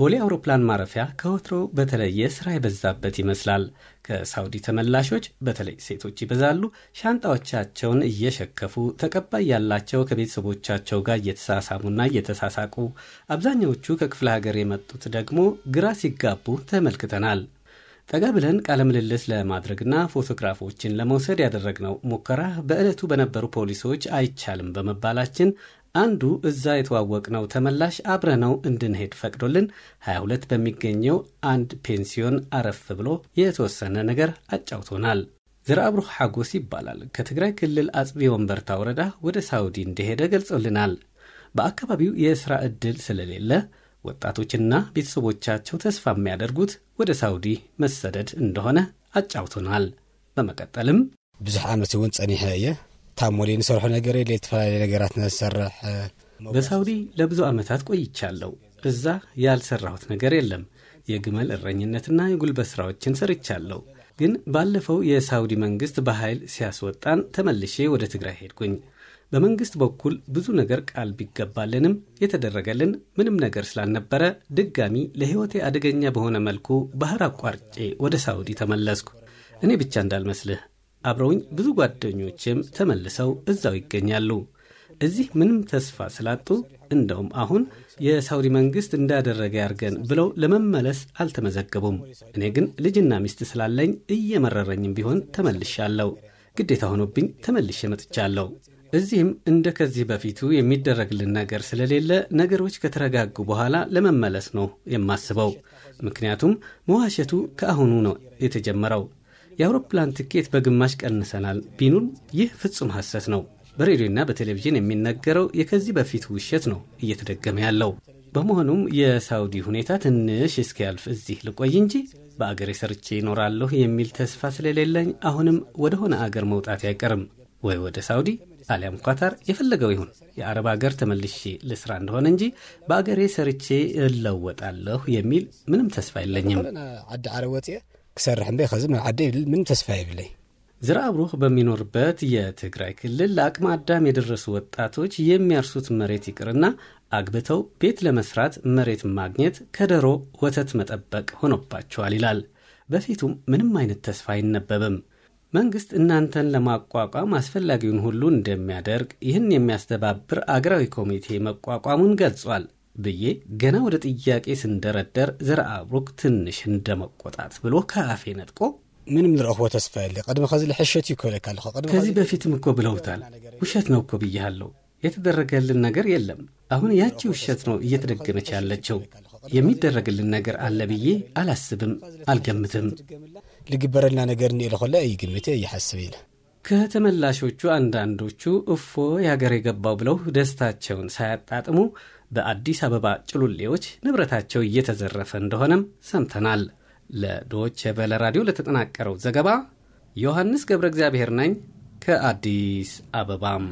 ቦሌ አውሮፕላን ማረፊያ ከወትሮ በተለየ ስራ የበዛበት ይመስላል። ከሳውዲ ተመላሾች በተለይ ሴቶች ይበዛሉ። ሻንጣዎቻቸውን እየሸከፉ ተቀባይ ያላቸው ከቤተሰቦቻቸው ጋር እየተሳሳሙና እየተሳሳቁ፣ አብዛኛዎቹ ከክፍለ ሀገር የመጡት ደግሞ ግራ ሲጋቡ ተመልክተናል። ጠጋ ብለን ቃለ ምልልስ ለማድረግና ፎቶግራፎችን ለመውሰድ ያደረግነው ሙከራ በዕለቱ በነበሩ ፖሊሶች አይቻልም በመባላችን አንዱ እዛ የተዋወቅነው ተመላሽ አብረነው እንድንሄድ ፈቅዶልን 22 በሚገኘው አንድ ፔንሲዮን አረፍ ብሎ የተወሰነ ነገር አጫውቶናል። ዝርአብሩ ሓጎስ ይባላል። ከትግራይ ክልል አጽቢ ወንበርታ ወረዳ ወደ ሳውዲ እንደሄደ ገልጾልናል። በአካባቢው የሥራ ዕድል ስለሌለ ወጣቶችና ቤተሰቦቻቸው ተስፋ የሚያደርጉት ወደ ሳውዲ መሰደድ እንደሆነ አጫውቶናል። በመቀጠልም ብዙሕ ዓመት እውን ጸኒሐ እየ ታሞሌ ንሰርሖ ነገር የለ የተፈላለየ ነገራት ነሰርሕ በሳውዲ ለብዙ ዓመታት ቆይቻለሁ። እዛ ያልሰራሁት ነገር የለም። የግመል እረኝነትና የጉልበት ስራዎችን ሰርቻለሁ። ግን ባለፈው የሳውዲ መንግሥት በኃይል ሲያስወጣን ተመልሼ ወደ ትግራይ ሄድኩኝ። በመንግሥት በኩል ብዙ ነገር ቃል ቢገባልንም የተደረገልን ምንም ነገር ስላልነበረ ድጋሚ ለሕይወቴ አደገኛ በሆነ መልኩ ባህር አቋርጬ ወደ ሳውዲ ተመለስኩ። እኔ ብቻ እንዳልመስልህ አብረውኝ ብዙ ጓደኞችም ተመልሰው እዛው ይገኛሉ። እዚህ ምንም ተስፋ ስላጡ እንደውም አሁን የሳውዲ መንግስት እንዳደረገ ያርገን ብለው ለመመለስ አልተመዘገቡም። እኔ ግን ልጅና ሚስት ስላለኝ እየመረረኝም ቢሆን ተመልሻለሁ። ግዴታ ሆኖብኝ ተመልሼ መጥቻለሁ። እዚህም እንደ ከዚህ በፊቱ የሚደረግልን ነገር ስለሌለ ነገሮች ከተረጋጉ በኋላ ለመመለስ ነው የማስበው። ምክንያቱም መዋሸቱ ከአሁኑ ነው የተጀመረው። የአውሮፕላን ትኬት በግማሽ ቀንሰናል ቢኑን ይህ ፍጹም ሐሰት ነው። በሬዲዮና በቴሌቪዥን የሚነገረው የከዚህ በፊት ውሸት ነው እየተደገመ ያለው። በመሆኑም የሳውዲ ሁኔታ ትንሽ እስኪያልፍ እዚህ ልቆይ እንጂ በአገሬ ሰርቼ ይኖራለሁ የሚል ተስፋ ስለሌለኝ አሁንም ወደሆነ አገር መውጣት አይቀርም ወይ ወደ ሳውዲ አሊያም ኳታር የፈለገው ይሁን የአረብ ሀገር ተመልሼ ልስራ እንደሆነ እንጂ በአገሬ ሰርቼ እለወጣለሁ የሚል ምንም ተስፋ የለኝም። ክሰርሕ እንበይ ከዚ ናብ ዓደ ይብል ምን ተስፋ ይብለይ ዝራብ በሚኖርበት የትግራይ ክልል ለአቅመ አዳም የደረሱ ወጣቶች የሚያርሱት መሬት ይቅርና አግብተው ቤት ለመስራት መሬት ማግኘት ከደሮ ወተት መጠበቅ ሆኖባቸዋል ይላል። በፊቱም ምንም አይነት ተስፋ አይነበብም። መንግሥት እናንተን ለማቋቋም አስፈላጊውን ሁሉ እንደሚያደርግ ይህን የሚያስተባብር አገራዊ ኮሚቴ መቋቋሙን ገልጿል። ብዬ ገና ወደ ጥያቄ ስንደረደር ዘረአብሩክ ትንሽ እንደመቆጣት ብሎ ከአፌ ነጥቆ ምንም ንረክቦ ተስፋ የለ ቀድሚ ከዚ ሕሸት እዩ ክብለካ ኣለኹ ከዚህ በፊትም እኮ ብለውታል። ውሸት ነው እኮ ብያሃለሁ። የተደረገልን ነገር የለም። አሁን ያቺ ውሸት ነው እየተደገመች ያለችው። የሚደረግልን ነገር አለ ብዬ አላስብም፣ አልገምትም። ልግበረልና ነገር እኒኤ ለኮላ እዩ ግምቴ እይሓስብ ኢለ ከተመላሾቹ አንዳንዶቹ እፎ የሀገር የገባው ብለው ደስታቸውን ሳያጣጥሙ በአዲስ አበባ ጭሉሌዎች ንብረታቸው እየተዘረፈ እንደሆነም ሰምተናል። ለዶች ቨለ ራዲዮ ለተጠናቀረው ዘገባ ዮሐንስ ገብረ እግዚአብሔር ነኝ ከአዲስ አበባም